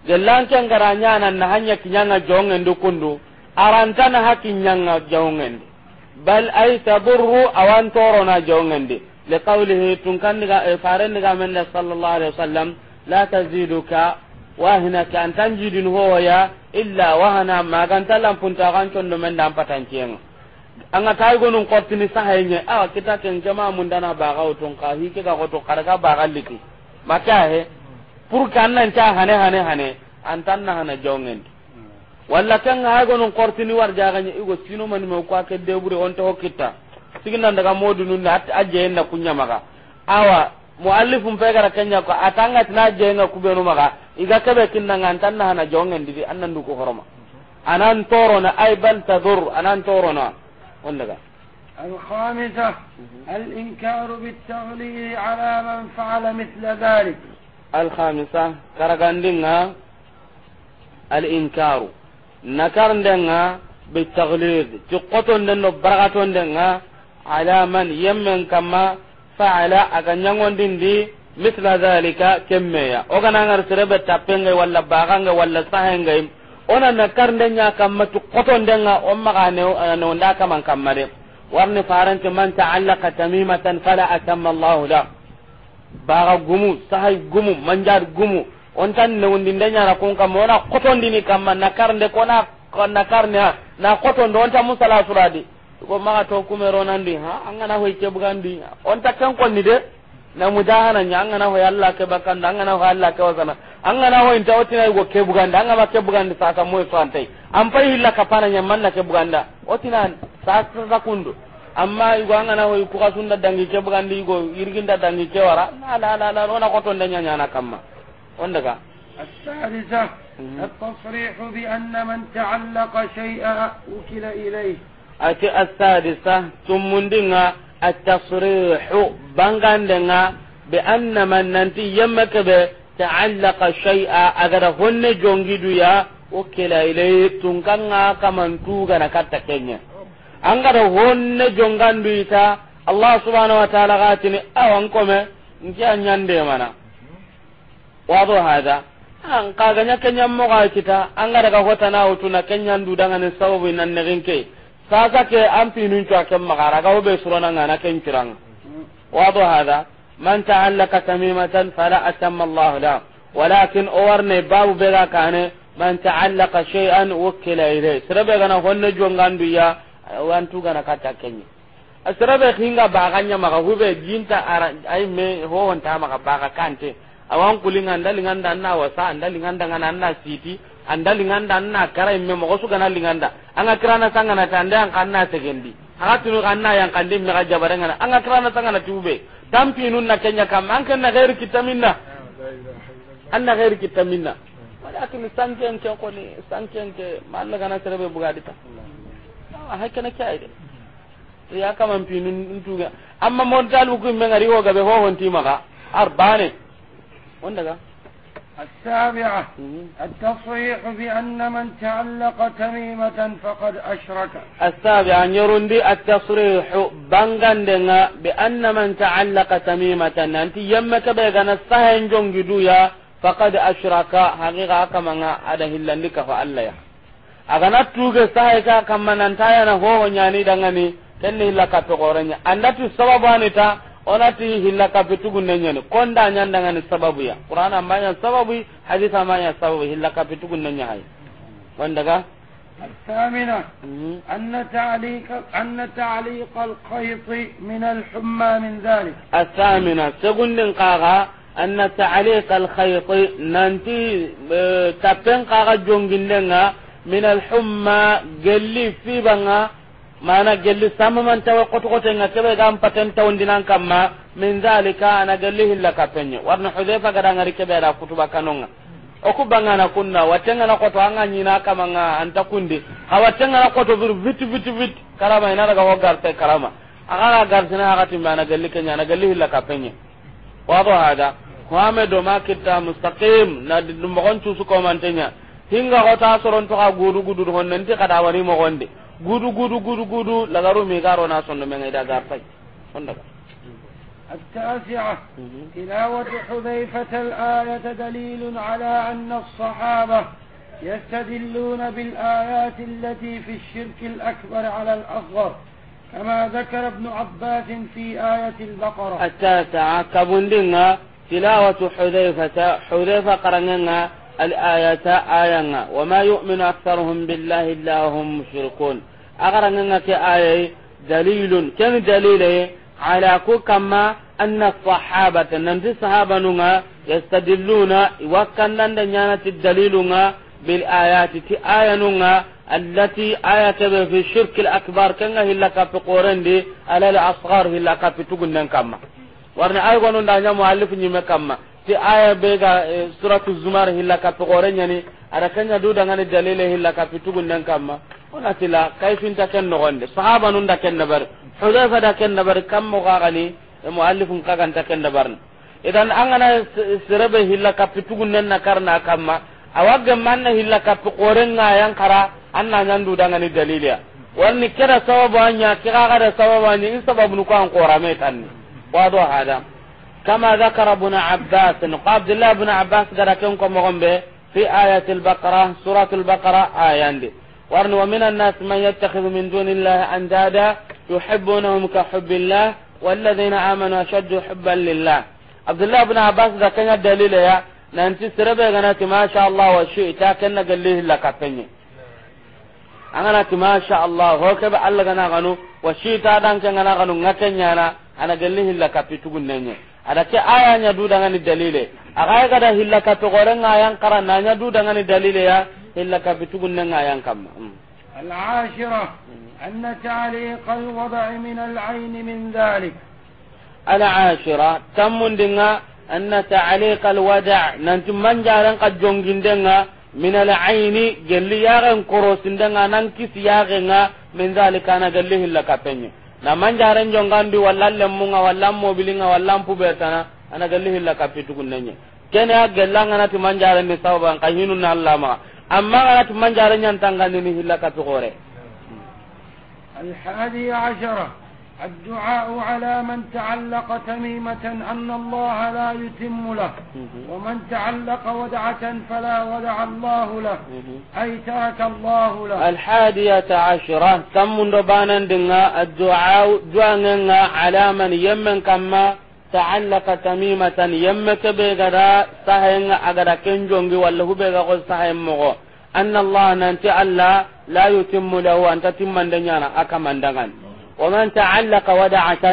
gellan ken garanya nan na hanya kinyanga jongendi kundu arantana hakinyanga jongendi bal ay taburru awan torona jongendi liqawlihi tunkan ga eh, faran ga men sallallahu alaihi wasallam la taziduka wahinaka an tanjidin hoya illa wahana maganta lampunta kan men menda ampatancenga anga tay gonun kortini sahayenye awa ah, kita ken jama mundana ga utun ka hike ga goto karga baga liki maka he eh? pour kan nan ta hane hane hane an tan na hana jongen walla kan ha go non kortini war jaga ni igo sino man me ko ake debure on to sigi sigina daga modu nun na aje na kunya maka awa muallifum fe gara kanya ko atanga tina je nga no maka iga kebe kinna an tan na hana jongen didi annan du ko horoma anan toro na ay bal tadur anan toro na on daga الخامسة الإنكار بالتغليل على من فعل مثل ذلك الخامسة كرغندنا الإنكار نكرندنا بالتغليظ تقطن دنو برغتن دنا على من يمن كما فعل أغنيون دين دي مثل ذلك كمية أغنى أرسل تابنغي ولا باغنغي ولا سهنغي ona na karnde nya kamma tu qoton denga o magane no nda kaman kamma warni farante man ta'allaqa tamimatan fala atamma Allahu la baga gumu sahay gumu manjar gumu on tan ne wondi ndenya na kon kam ona qoton dini kam na karne ko na na karne na qoton don ta musala suradi ko maga to kumero nandi ha angana hoye bugandi on ta kan konni de na mudahana nya angana ho yalla ke bakanda angana ho yalla ke wazana angana ho inta otina go ke buganda anga ba ke buganda sa ka moy fantai am illa ka pana nya manna ke buganda otina sa sa kundu amma igo angana ho ku ka sunna dangi ke buganda go irginda dangi ke wara la la la ona ko tonda nya nya na kamma onda ka الثالثة التصريح بأن من تعلق شيئا وكل إليه أتي السادسة ثم دنا التصريح بانغان دنا بأن من ننتي يمك به تعلق شيئا أجر هن جونجدويا وكلا إليه تنكنا كمن توغنا كتكينيا angara honne jonganduita allah subhanahu wa taala gatini awan kome nki a ñandemana wado hada an kaganya kenyammoga kita angara ga hotana wutuna kenyandudangani sababu inannegin ke sasa ke an nun cuwa ken makara ga obe surona kan ken wa wado hada man ta'allaka tamimatan fala atamma Allah la walakin ne babu bega kane man ta'allaka shay'an wukila ilay sirabe gana honne jongandu ya wantu gana kata kenye sirabe hinga baganya maga hube jinta ay me ho wonta maga baga kante awan kulinga ndalinga ndanna wasa ndalinga ndanga nanna siti anda linganda anna kara imme mo su gana linganda anga kirana sangana ta anda an kanna segendi aga tunu kanna yang kandi me ga jabaranga anga kirana sangana tiube tampi nun na kenya kam an kan na gairi kitaminna anna gairi kitaminna walakin sanken ke ko ni sanken ke malla kana serebe bugadita ha kana kya ide ya kama pinu ntuga amma mon talu ku me ngari ho gabe ho honti maga arbane on daga السابعة التصريح بأن من تعلق تميمة فقد أشرك السابعة يرندي التصريح بانغاندنا بأن من تعلق تميمة أنت يمك بيغانا السهن جنجدويا فقد أشرك حقيقة كما أده هذا لك فألا يا أغنى sahay ka كما nan tayana ونياني nyani dangani لك hilla أنت to gorenya onati hilla kapitugu nenyani konda nyandanga ni sababu ya qur'an amanya sababu hadith amanya sababu hilla kapitugu nenyai wandaga الثامنة أن تعليق أن تعليق القيط من الحمى من ذلك. الثامنة سجن قاغا أن تعليق الخيط ننتي تبين قاغا جونجلنا من الحمى قلي في بنا mana gelli samaman tawa koto koto nga kebe ga paten taw dinan kamma min zalika ana gelli hilla kapenye warna hudhaifa ga ngari kebe da kutuba kanonga oku na kunna watenga na koto anga nyina kama nga anta kundi hawatenga na koto bir vit vit vit karama ina daga hogar te karama agara garsina aga timbana gelli kenya na gelli hilla kapenye wado hada kwame do makita mustaqim na dum gon tusu ko mantenya hinga hota soron to ga gudu gudu honnanti kada wari mo gonde gudu gudu gudu gudu lagaru mi garo na sondo men ida gartai sonda ga التاسعة تلاوة mhm. حذيفة الآية دليل على أن الصحابة يستدلون بالآيات التي في الشرك الأكبر على الأصغر كما ذكر ابن عباس في آية البقرة التاسعة كبندنا تلاوة حذيفة حذيفة قرننا الآيات آيانا وما يؤمن أكثرهم بالله إلا هم مشركون أغرنك آية دليل كان دليل على كما أن الصحابة ننت صحابة نغا يستدلون وكان لن الدليل بالآيات تي آية نغا التي آية في الشرك الأكبر كان هلا كفي قورن دي على الأصغر هلا كفي تقنن كما warna ay gonu da nya muallif ni me kamma ti aya be ga e, suratu zumar hilla ka to gore nyani ada kanya du daga ne dalile hilla ka pitugun nan kamma ona tila kaifin ta ken nogonde sahaba nun da ken nabar hudafa da ken nabar kam mo ga gani e muallifun ka kan ta ken nabar idan an ana sirabe hilla ka pitugun nan na karna kamma awagge manna hilla ka to gore nga yan kara anna nyandu daga ne dalile wani kira sababu anya kira ga da sababu anya in sababu nu ko an korame tanni do hada كما ذكر ابن عباس قال عبد الله بن عباس قال كنكم غمبه في آية البقرة سورة البقرة آية عندي وارن ومن الناس من يتخذ من دون الله أندادا يحبونهم كحب الله والذين آمنوا أشد حبا لله عبد الله بن عباس ذا كان الدليل يا نانتي سربي غناتي ما شاء الله وشئتا كنا قال ليه لك أنا ما شاء الله هو كبع الله غنا غنو وشئتا دان غنا غنو غكنيانا أنا قال ليه لك تتقول ada ke ayanya du dengan dalile aga ga da hilla ka to goreng ayang kara nanya du dengan dalile ya hilla ka bitugun nang ayang kam hmm. al ashira hmm. an ta'liq al wad' min al ain min dalik al ashira tamun dinga an ta'liq al wad' nan tum man jaran ka jongin dinga min al ain gelli ya korosin dinga nan kis ya ga min dalika na galli hilla ka penye na manjaren jongandu walla lemmunga walla mobilinga walla pubertana ana galli hilla kapitugunnenye kene a gella nganati manjaren ni sababan ka hinun Allah ma amma nganati manjaren nyantangani ni hilla kapikore الحادي عشرة الدعاء على من تعلق تميمة أن الله لا يتم له ومن تعلق ودعة فلا ودع الله له أي ترك الله له الحادية عشرة تم ربانا دنا الدعاء دعانا على من يمن كما تعلق تميمة يمك بغدا سهن أغدا كنجونج والله هو سهن مغو أن الله ننتي لا يتم له أن تتم من دنيانا أكمن دنيانا ومن تعلق ودعة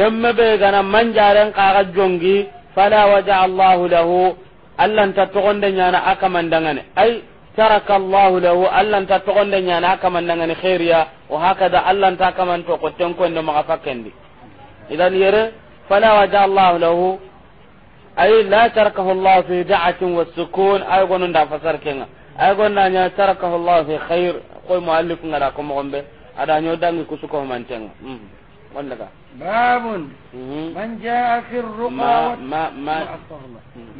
يم بيغنا من جارن قاغا جونغي فلا وجع الله له ألا أنت تغند نانا أكمن دنغني أي ترك الله له ألا أنت تغند نانا أكمن دنغني خيريا وهكذا ألا أنت أكمن تقتن كن مغفكن دي إذا يرى فلا وجع الله له أي لا تركه الله في دعة والسكون أي قلنا فسر كنا أي قلنا تركه الله في خير قل مؤلف نراكم غنبه ada nyo dangi ku kusuko mantenga mm wallaga babun hmm. man jaa fi ruqa ma ma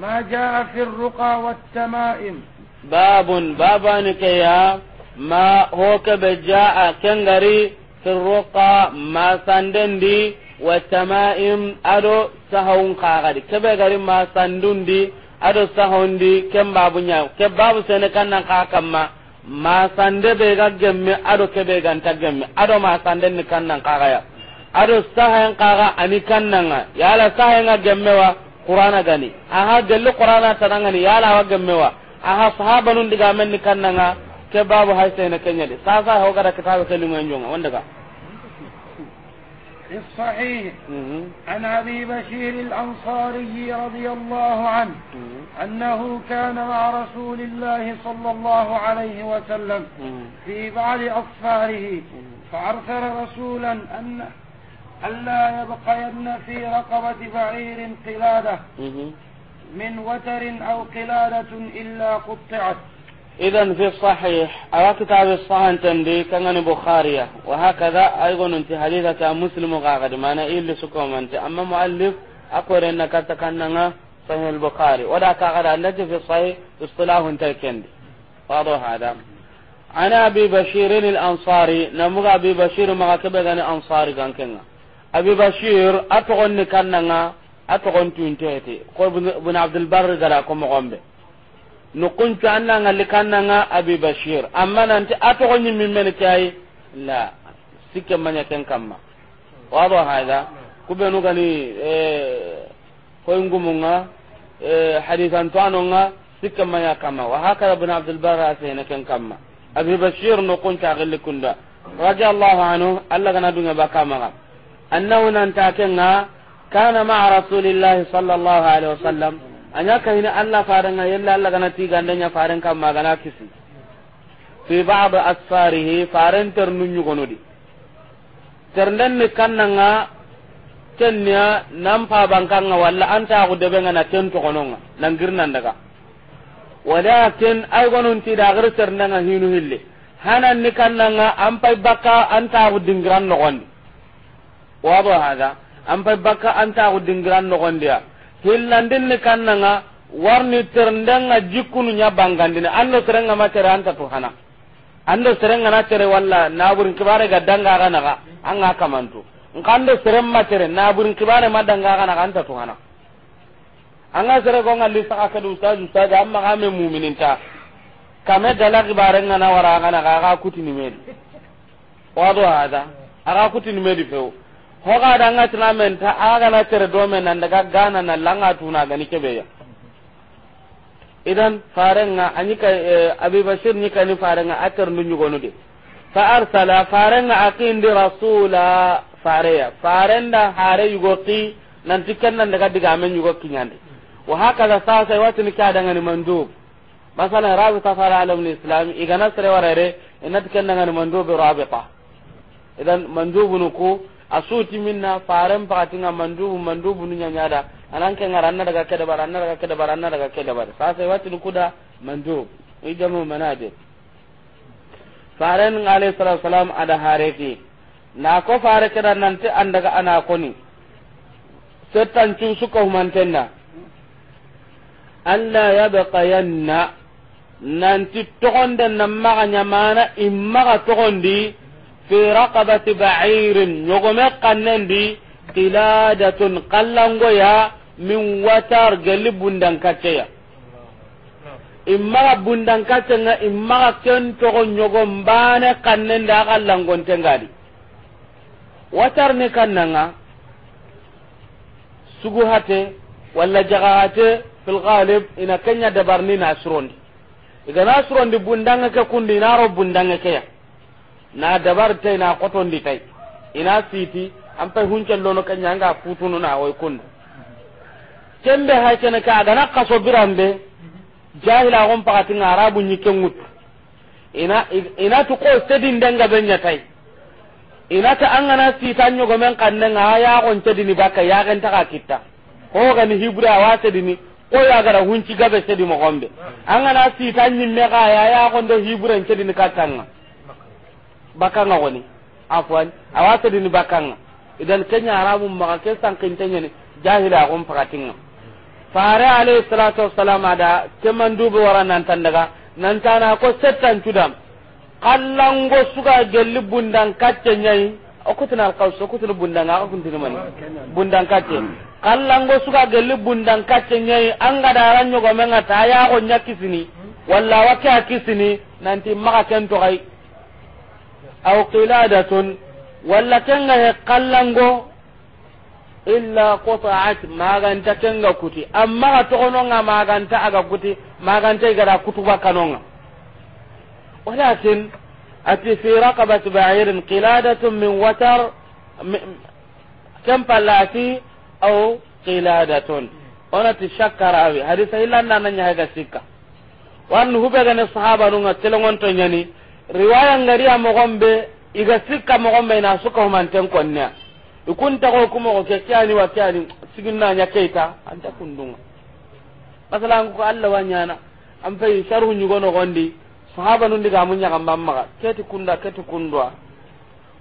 ma jaa fi ruqa wat tamaim babun babani kaya ma hoke be jaa kengari fi ruqa ma sandendi wa tamaim ado sahawun kagadi kebe gari ma sandundi ado sahondi kem babu nyaa ke babu sene kan kannan kakamma masande be ga gemme ado ke be ga ta gemme ado masande ni nan kaga ya ado sahen kaga ani nan ya la sahen ga gemme wa qur'ana gani aha gelle qur'ana tananga ni ya la wa gemme wa aha sahabanun diga men ni nan ke babu ne kenya de sa ho ga da kitabu kelimu wanda ga في الصحيح عن ابي بشير الانصاري رضي الله عنه انه كان مع رسول الله صلى الله عليه وسلم في بعض اصفاره فارسل رسولا ان الا يبقين في رقبه بعير قلاده من وتر او قلاده الا قطعت idan fi sahih awatu ta bi sahan tan de kangane bukhari wa hakaza aygon unti ta muslim ga gadi mana illi su ko man ta amma muallif akore na ka da ka gada allati fi sahih istilahun ta kende wa do hada ana bi bashir al ansari namuga bi bashir ma ka be gani ansari gan abi bashir atogon ni kananga atogon tunte ko bun abdul barr gala ko mo gombe an nanga likan nanga abi bashir amma nanti atogo ñimmin mene kayi la sikke maña ken kamma wado hada nu gani e, koy ngumunga e, hadisanto anonga sikke maña kamma wa hakada ibn abdul bar asene ken kamma abi bashir nukunca gilli kunda raja allahu anhu allah kana dunga bakamaga annahu nanta kenga kana a rasulillah sallallahu alaihi wasallam anya kahini allah farenga yella allah gana tigandenya faran kam magana kisi fi ba'd asfarihi faren ternu ñugonodi ternden ni kannanga kenniya nan pabankanga walla antaxu deɓenga na nga toxononga nangirnan daga walakin ay gonunti dagir terndenga hinu hille hanan ni kannanga an pay dingran no dingiran wa ba hada an pay bakka antaxu dingiran noxondiya kanna nga warni terndanga jikunu nya bangandini ando serenga macere anta tuhana ando serenga na wala walla naburin kibare gadanga kana ga anga kamantu ngando serem macere naburin kibare madanga kana ga anta tuhana anga sere ko ngalli saka kadu ustaz ga amma me mu'minin ta kame dala kibare na wara kana ga ga kutini medi wado hada aga kutini medi feo hoga da nga tina men ta aga na tere do men nan daga gana na langa tuna gani kebe ya idan farenga anyika eh, abi bashir nika ni farenga atar nu nyugo nu de fa arsala farenga di rasula fareya farenda hare yugo ti nan tikkan nan daga diga men yugo ki nyande wa haka da sa sai wati ni kada ngani mandu masalan rabi ta fara alam ni islam igana sare warare inat kan mandu bi rabita idan mandu bunuku asuti minna faren nga mandubu mandubu nu nyanyada ananke ngara anna daga kada baranna daga kada baranna daga kada bar sa sasa wati nu kuda mandub ijamu manajir faren alayhi salatu salam ada hareti na ko fare kada nante andaga ana koni setan cu suka humantenna alla yabqa yanna nanti togonde namma nyamana imma togondi fi raqabati ba'irin nyogome kannendi kallango qallangoya min watar gelli bundankatteya immaga in immaga ken togo nyogon bane kannende a watar ni kannanga suguhate walla jagahate fi ghalib ina kenya dabarni nasurondi igana surondi bundanga ke kundi inaro bundanga keya na dabar tai na koton di tai ina siti an fai huncen lono kanya anga putunu na wai kun kembe ha kene ka ga na kaso birambe jahila gon pakati ni ken ngut ina ina to ko sedin ga benya tai ina ta an gana sita nyogo gomen kan nga ya gon tedini baka ya gan ta kitta ko ga ni hibra wa tedini ko ya gara hunci gabe sedi mo gombe an gana sita me ga ya ya gon do hibra ka tanga. bakanga goni afwan awata dini bakanga idan kenya arabu maka ke kintenya ni jahila akum pakatinga fare alayhi salatu wassalam ada keman dubu waran nan tan daga nan tana ko setan tudam kallango suga gelli bundang kacce nyai okutina alqaus okutina bundan ga okutuna mani bundang kacce kallango suga gelli bundang kacce nyai anga daranyo nyogo menga ta go nyakisini walla wakya kisini nanti maka ken kai aw qiladatun walla kenga he kallango illa qata'at maganta kenga kuti amma ga tokononga maganta aga kuti maganta igara kutuba kanonga walakin ati fi raqabati ba'irin qiladatun min watar kam palati aw qiladatun onati shakkarawi hadisa illanna nanya ga sikka wan hubega ne sahaba nunga telongon to nyani riwaya ngariya mogonɓe iga sikka mogonɓe ina suka humanten konneya ikuntago kuma ke keani wa keani nya keita anta kundunga masalan ko allah wa ñana an pay sharhu ñugonogondi sahaba nu ndigamu ñagamban maka keti kunda keti kundwa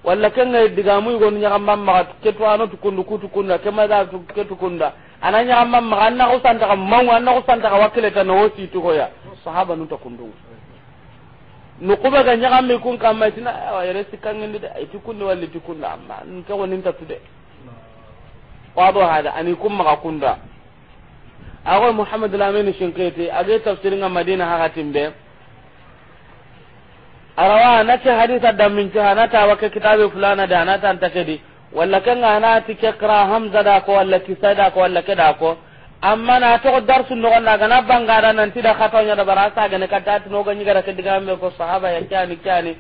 walla diga digamu yugonu ñagamban maga ketuano tukundu kutukunda kemada ketukunda ana ñagamban maga an naxusantaka mangu an naxusantaka wakkileta nowo siitugoya sahaba nu ta kundunga nukuba ga ñagammi kun kamma tina awa yere da de tukun kunni walli tukun da amma nke ta tattu wa wado hada ani kun maga kunda awai muhammad lamini shinketi age ga madina hakatin be arawa ce hadisa damminci ta waka kitabe fulana da hanata antakedi walla ta ke kekra hamza da ko walla kisa da ko walla ke da ko amma na togo sun no na gana bangara nan tida nya da barasa gane kata tuno ganyi gara kediga me ko sahaba ya kyani kyani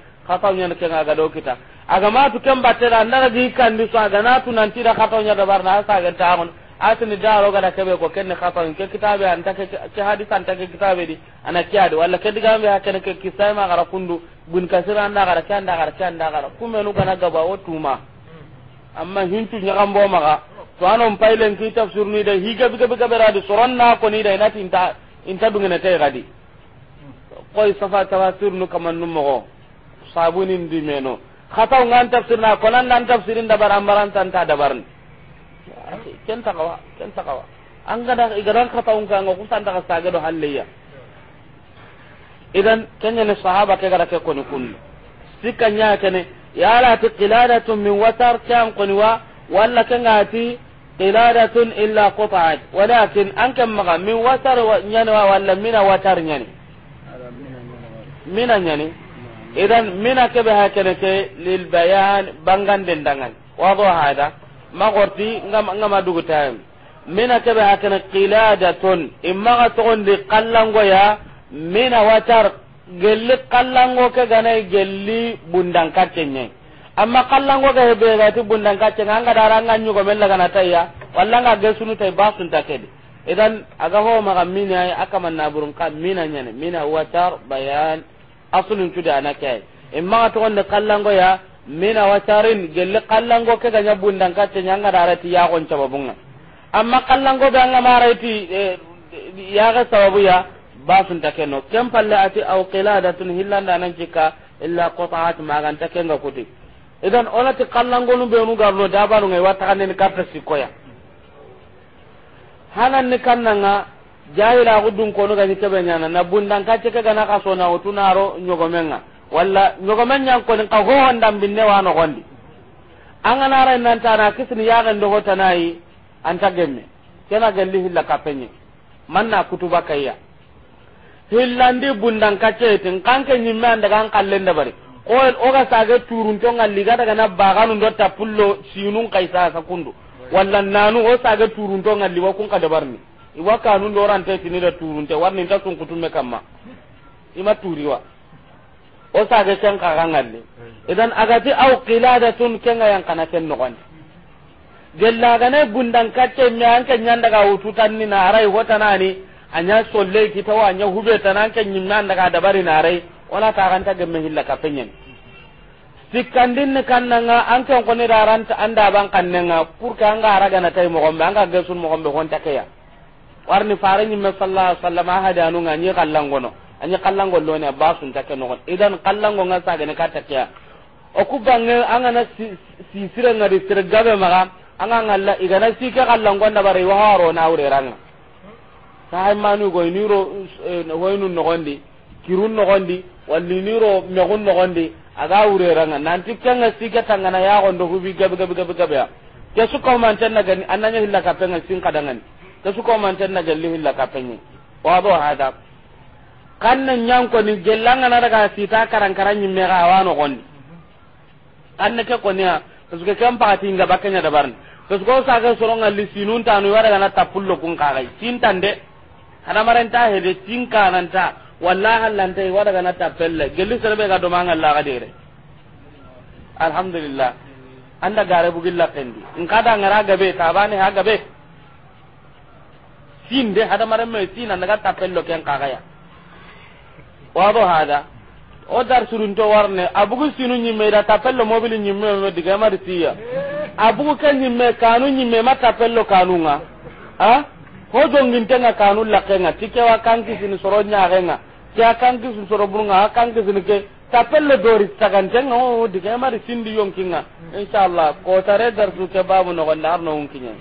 nya ne kenga do kita aga ma tu kan batera ndara di kan di so aga na tu nan tida nya da barna sa ga taon asini daro gada kebe ko kenne khatawin ke kitabe an ta ke hadis an ke kitabe di ana kiyade walla kediga me ha kene ke kisai ma gara kundu bun kasira anda gara kyanda gara kyanda gara nu kana gaba o tuma hmm. amma hintu bo maga to anon pailen ki tafsir ni da higa biga biga beradi soron na ko ni da inati inta inta dungene tay gadi koy safa tafsir nu kaman nu mogo sabunin di meno khata ngan tafsir na ko nan nan tafsir inda barambaran tan ta dabarni ken takawa ken takawa an ga gada igaran khata ngan ko tan daga saga do halleya idan kenya ne sahaba ke gara ke koni kun sikanya kene ya la tiqiladatun min watar kan koni wa walla kengati qiladatun illa qut'at walakin anke maga min watar nyani walla mina watar nyani mina nyani idan mina kebe hakene ke lil bayan bangan dendangan wado hada magorti ngam ngama dugu tayam mina kebe hakene qiladatun imma ga togondi kallango ya mina watar gelli kallango ke ganai gelli bundan kattenye amma kallango ga hebe ga ti bundan kace nga anga dara anga nyugo men laga na tayya walla nga ge sunu tay basun ta kedi idan aga ho ma mina ay aka man naburun ka mina nyane mina watar bayan aslun tudi anaka imma to on go ya mina watarin gelle go ke ga bunda kace cenga anga dara ti ya gon bunga amma ga nga mara ti e, ya ga sababu ya basun ta keno kam palle ati au qiladatun hillanda nan jika illa qata'at magan ta kenga kuti idan onati kallangonu benu garno dabaru ngai watakaneni karta sikkoya hananni kannanga jahila ku dun ga gani kebe nyana na bundan ka ceke gana ka sona o tunaro nyogomenga walla nyogomen ko ni ka ho hondan binne wa no gondi angana ra nan ta na kisni ya gan do hota nayi anta gemme kena gelli hilla ka penye manna kutuba kayya hillandi bundan ka ce tin kanke nyimme anda kan kallen da bari ko oga sage to ngalli gada gana baganu do tapullo sinun kaisa sa kundu walla nanu o sage to ngalli wa kun kada barni iwa kanun do rante tini da turunte warni ta sun kutume kamma ima turiwa o sage ken ka ngalli hmm. idan ti au qiladatun kenga yang kana ken no gonde gella gana gundan kacce mi an ken nyanda ga ututan ni na arai hotanani anya solle kitawa anya hubeta nan ken nyimnan daga dabari na arai wala ta ranta ga gemme hilla kapenyen sikkandin ni kannanga an ken koni daranta anda ban kannenga pour que araga na tay mo mogombe anga mo gombe hon takaya warni fare nyimme sallallahu alaihi wasallam ahadi anunga nyi kallangono anyi kallango lone basun take nogon idan kallango nga sagene ka keya o ku kubange anga na si sira sire ngari sire gabe maga anga ngalla igana sike kallango na bari wa haro na ure ran sai manu go niro eh, hoynu gondi kirun no gondi walli niro megun nogondi aga wureranga nanti kenga sike tangana yagondo hubi gabe gabe gabe gabe ke su kaumantenna gani annanya hilla kapenga sin kadangani ke su kaumantenna gelli hilla kapenga wado hada kanna nyanko ni gellanga na daga sita karankaran nyimme ga wano gondi kanna ke konya suke kan pati inga bakanya dabarni kasu ko saga soronga li sinun tanu wara gana tapullo kun kagai cintan de hada marenta hede cinka nanta wallahi lan tay wada kana tapelle gelli serbe ga do manga la gadire alhamdulillah anda gare bugilla kendi in kada ngara gabe tabane ha gabe sin de hada mare me sin anda ga tapello ken kagaya wado hada o dar surun to warne abugu sinu nyimme da tapello mobili nyimme me diga mari tiya abugu kan nyimme kanu nyimme ma tapello kanunga ha ho jongintenga kanu lakkenga ti kewa kankisini soro nya ke a kankisini soro burunga a kankisini ke tapelle dori tagan tagantenga o diga mari sindi yonkinga hmm. inchallah kotare darsu ke babu nogonde arno unkiñe